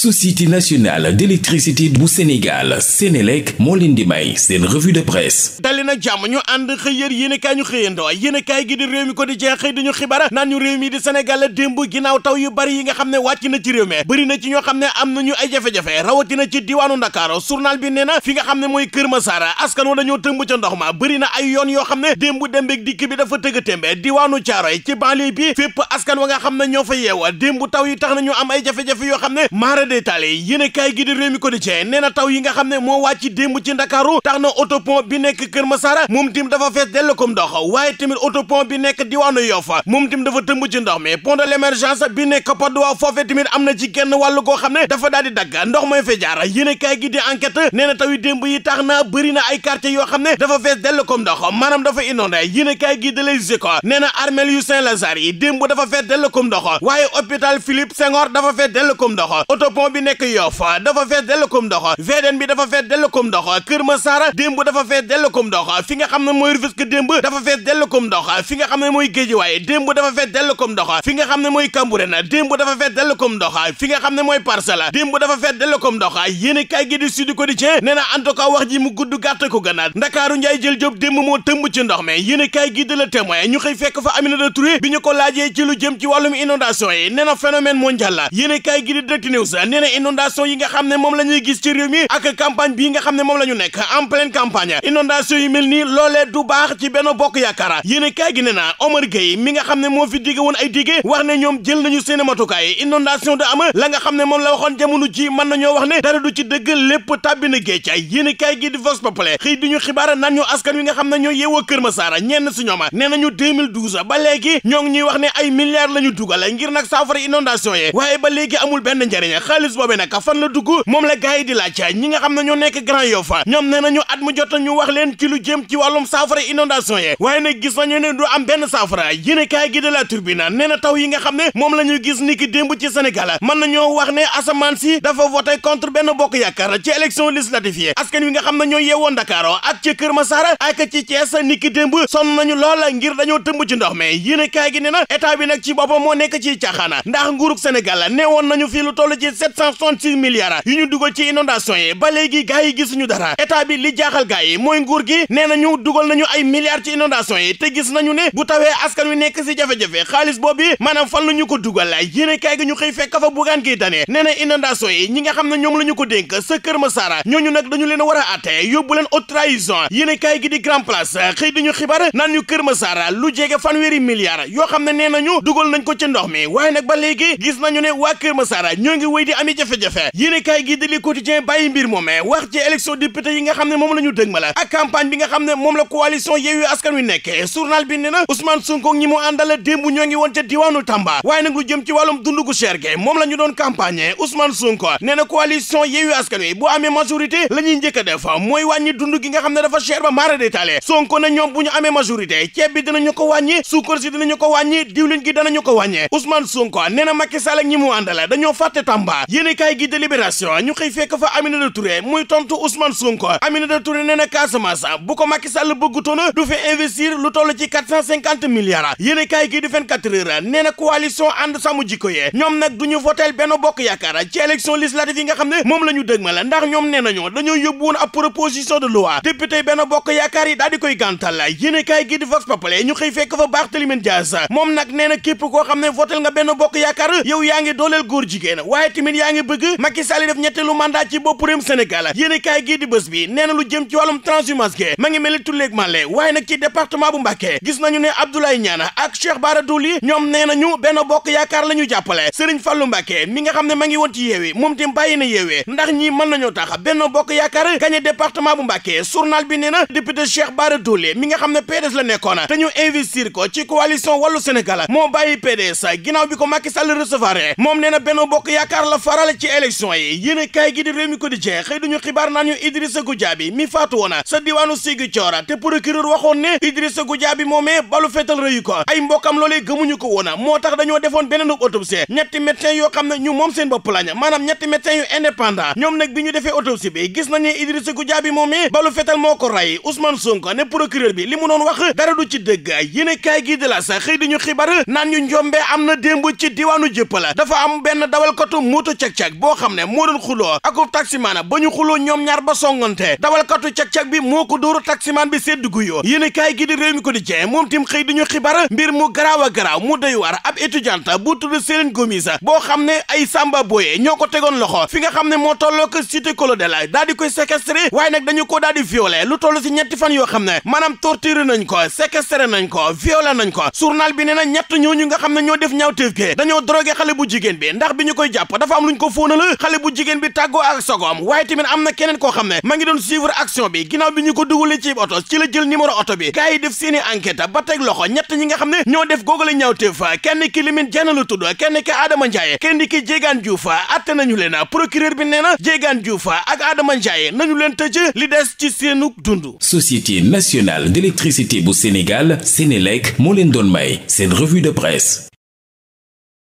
société nationale d'électricité bu Sénégal Sénélec moo leen di may seen revue de presse dali jàmm ñu ànd xëy yér yéen i kaay ñu xëyandoo yéen i kaay gi di réew mi ko di jeex xëy dañu xibaar naan ñu réew mi di Sénégal démb ginnaaw taw yu bari yi nga xam ne wàcc na ci réew mi bëri na ci ñoo xam ne am nañu ay jafe-jafe rawatina ci diwaanu Ndakaaru journal bi nee na fi nga xam ne mooy Kër Massar askan wa dañoo tëmb ca ndox ma bëri na ay yoon yoo xam ne démb dembeek dikk bi dafa tëgg témbe diwaanu Caaroy ci xam ne ñoo fa yeewa démb taw yi tax na ñu am ay jafe-jafe yoo xam ne détail yéenekaay gi di Rewmi Quotidien nee na taw yi nga xam ne moo wàcc démb ci Ndakaaru tax na autopont bi nekk Kër Masar moom tim dafa fees dell ko ndox waaye oto pon bi nekk diwaanu Yoff moom tim dafa tëmb ci ndox mi pont de l'émergence bi nekk Patte d'Oie foofee am na ci genn wàllu goo xam ne dafa daal di dagg ndox mooy fa jaar yéenekaay gi di enquête nee na taw yi yi tax na bëri na ay quartiers yoo xam ne dafa fees dell ko ndox maanaam dafa inondé yéenekaay gi di Les Échos nee armeel yu yi démb dafa fees dell ko ndox waaye hôpital Philippe Senghor dafa fees dell ko ndox pont bi nekk Yoff dafa fees dell kom ndox VDN bi dafa fees dell kom ndox Kër Masar démb dafa fees dell kom ndox fi nga xam ne mooy Rufisque démb dafa fees dell kom ndox fi nga xam ne mooy Guédiawaye démb dafa fees dell kom ndox fi nga xam ne mooy Cambérène démb dafa fees dell kom ndox fi nga xam ne mooy Parcelles démb dafa fees dell kom ndox yéen kay gi di Sud Quotidien nee na en tout cas wax ji mu gudd gàtt ko gënaat Ndakaaru Njaay jël job démb moo tëmb ci ndox mi yéen kay gi de la témoin ñu xëy fekk fa Aminata Touré bi ñu ko laajee ci lu jëm ci wàllum inondation yi nee na phénomène mondial la yéen kay gi di Direct News nee na inondation yi nga xam ne moom la ñuy gis ci réew ak campagne bii nga xam ne moom la ñu nekk en pleine campagne inondation yi mel nii loolee du baax ci benn bokk yaakaar yéen kaay gi ne na Omar Gueye mi nga xam ne moo fi digg woon ay digge wax ne ñoom jël nañu seen matukaay inondation da am la nga xam ne moom la waxoon jamono ji mën nañoo wax ne dara du ci dëgg lépp tàbbi na géej ay yéen kaay gi di Vox Populi xëy di ñu xibaar naan ñu askan wi nga xam ne ñoo yeewoo Kër Massar ñenn si ñooma nee nañu 2012 ba léegi ñoo ngi ñuy wax ne ay milliards la ñu dugal ngir nag saafara inondation yi waaye ba léegi amul benn njariñ xaalis boobee nag fan la dugg moom la gars yi di laaj ñi nga xam ne ñoo nekk Grand Yoff ñoom nee nañu at mu jot ñu wax leen ci lu jëm ci wàllum saafara inondation yi waaye nag gis nañu ne du am benn saafara yéen kaay gi de la Tribune nee na taw yi nga xam ne moom la ñu gis ni ki démb ci Sénégal mën nañoo wax ne asamaan si dafa voté contre benn bokk yaakaar ci élection législative yi askan wi nga xam ne ñoo yeewoon Dakar ak ci Kër Massar ak ci Thiès ni ki démb sonn ci ndox mi yéen kaay gi nee na état bi nag ci boppam moo nekk ci caaxaana ndax nguurug Sénégal neewoon nañu sept cent soixante-six yu ñu dugal ci inondation yi ba léegi gars yi gisuñu dara état bi li jaaxal gars yi mooy nguur gi nee na nañu dugal nañu ay milliards ci inondation yi te gis nañu ne bu tawee askan wi nekk si jafe xaalis boobu maanaam fan la ñu ko dugal yéene kaay gi ñu xëy fekk fa bugaan gi dane nee na inondation yi ñi nga xam ne ñoom la ñu ko dénk sa Kër Masara ñooñu nag dañu leen war a atte yóbbu leen haute trahison yéene kaay gi di grand place xëy di ñu xibaar naan ñu Kër Masara lu jege fanweeri milliards yoo xam ne nee na nañu dugal nañ ko ci ndox mi waaye nag ba léegi gis nañu ne waa Kër Masara ñoo ngi wéy di ami jafe-jafe yéenekaay gi di Le Quotidien bàyyi mbir moomee wax ci élection député yi nga xam ne moom la ñu dëgmal a campagne bi nga xam ne moom la coalition Yewwi Askan Wi nekkee journal bi nee na Ousmane Sonko ñi mu àndal démb ñoo ngi won ca diwaanu Tamba waaye nag lu jëm ci wàllum dund gu cher moom la ñu doon campagne Ousmane Sonko nee na coalition Yewwi Askan Wi bu amee majorité la ñuy njëkk a def mooy wàññi dund gi nga xam ne dafa cher ba maara détaale Sonko ne ñoom ñu amee majorité ceeb bi dinañu ko wàññi suukar si dinañu ko wàññi diwlin gi danañu ko wàññi Ousmane Sonko nee na Macky Sall ak ñi mu àndal fàtte Tamba yéenekaay gi de Libération ñu xëy fekk fa Aminata Touré muy tontu Ousmane Sonko Aminata Touré nee na Casamance bu ko Macky Sall bëggutoon du fi investir lu toll ci quatre cent cinquante milliards yéenekaay gi di 24 heures nee na coalition ànd sàmm jikko yee ñoom nag du ñu voteel Bokk Yaakaar ci élection législative yi nga xam ne moom la ñu dëgmal ndax ñoom nee nañu dañoo yóbbu woon ab proposition de loi député Benno Bokk Yaakaar yi daal di koy gàntal yéenekaay gi di xëy fekk fa Barthélémy Dias moom nag nee na képp koo xam ne voteel nga Benno Bokk Yaakaar yow yaa ngi dooleel góor jigéen tamit yaa ngi bëgg Macky Sall def ñetteelu mandat ci bopp réewum Sénégal yéen i bi nee na lu jëm ci wàllum transhumance ge ma ngi mel ni tulleeg màlle waaye nag ci département bu Mbacké gis nañu ne Abdoulaye Niane ak Cheikh Bara Dolly ñoom nee nañu benn bokk yaakaar la ñu jàppale Serigne Fallou Mbacké mi nga xam ne ma ngi woon ci yeewi moom tim bàyyi na yeewee ndax ñi mën nañoo tax benn bokk yaakaar gagné département bu Mbacké journal bi nee na député Cheikh Bara Dolly mi nga xam ne PDS la nekkoon te ñu investir ko ci coalition wàllu Sénégal moo bàyyi PDS ginnaaw bi ko Macky Sall recevoir moom nee na benn bokk yaakaar faral ci élection yi yéen kaay gi di réew mi ko di jeex xëy duñu xibaar naan ñu Idrissa Goudiaby mi faatu woon sa diwaanu Ziguinchor te procureur waxoon ne Idrissa Goudiaby moomee balu fetal rëyu ko ay mbokkam loolee gëmuñu ko woon moo tax dañoo defoon beneen autopsie ñetti médecin yoo xam ne ñu moom seen bopp lañ maanaam ñetti médecin yu indépendant ñoom nag bi ñu defee autopsie bi gis nañ ne Idrissa Goudiaby moomee balu fetal moo ko rey Ousmane Sonko am na démb ci diwaanu Jëppal dafa am benn dawalkatu cag-cag boo xam ne moo doon xuloo akub taximaana ba ñu xuloo ñoom ñaar ba songante dawalkatu cag-cag bi moo ko dóoru taximaan bi séddgu yoo yéen kaay gi di réew mi ko di jee moom tim xëy diñu mbir mu garaaw a garaaw mu doy war ab étudiante bu tudd Céline Gomis boo xam ne ay samba boye ñoo ko tegoon loxo fi nga xam ne moo tolloo ko cité Colodel daal di koy séquestré waaye nag dañu ko daal di violé lu toll si ñetti fan yoo xam ne maanaam torturé nañ ko séquestré ko nañ ko journal bi nee na ñett ñooñu nga xam ne ñoo def ñaawteef bu jigéen bi bi ñu koy am luñ ko fóonal xale bu jigéen bi tàggoo ak sogoom waaye tamit am na keneen koo xam ne ma ngi doon suivre action bi ginnaaw bi ñu ko dugalee ci oto ci la jël numéro oto bi gars yi def seeni enquête ba teg loxo ñett ñi nga xam ne ñoo def googale ñaawteef kenn ki Lamine Dieng la tudd kenn ki Adama Ndiaye kenn ki Diégane Diouf atte nañu leen procureur bi nee na Diégane Diouf ak Adama Ndiaye nañu leen te tëj li des ci seenu dund. Société nationale d'électricité bu Sénégal Sénélec moo leen doon may seen revue de presse.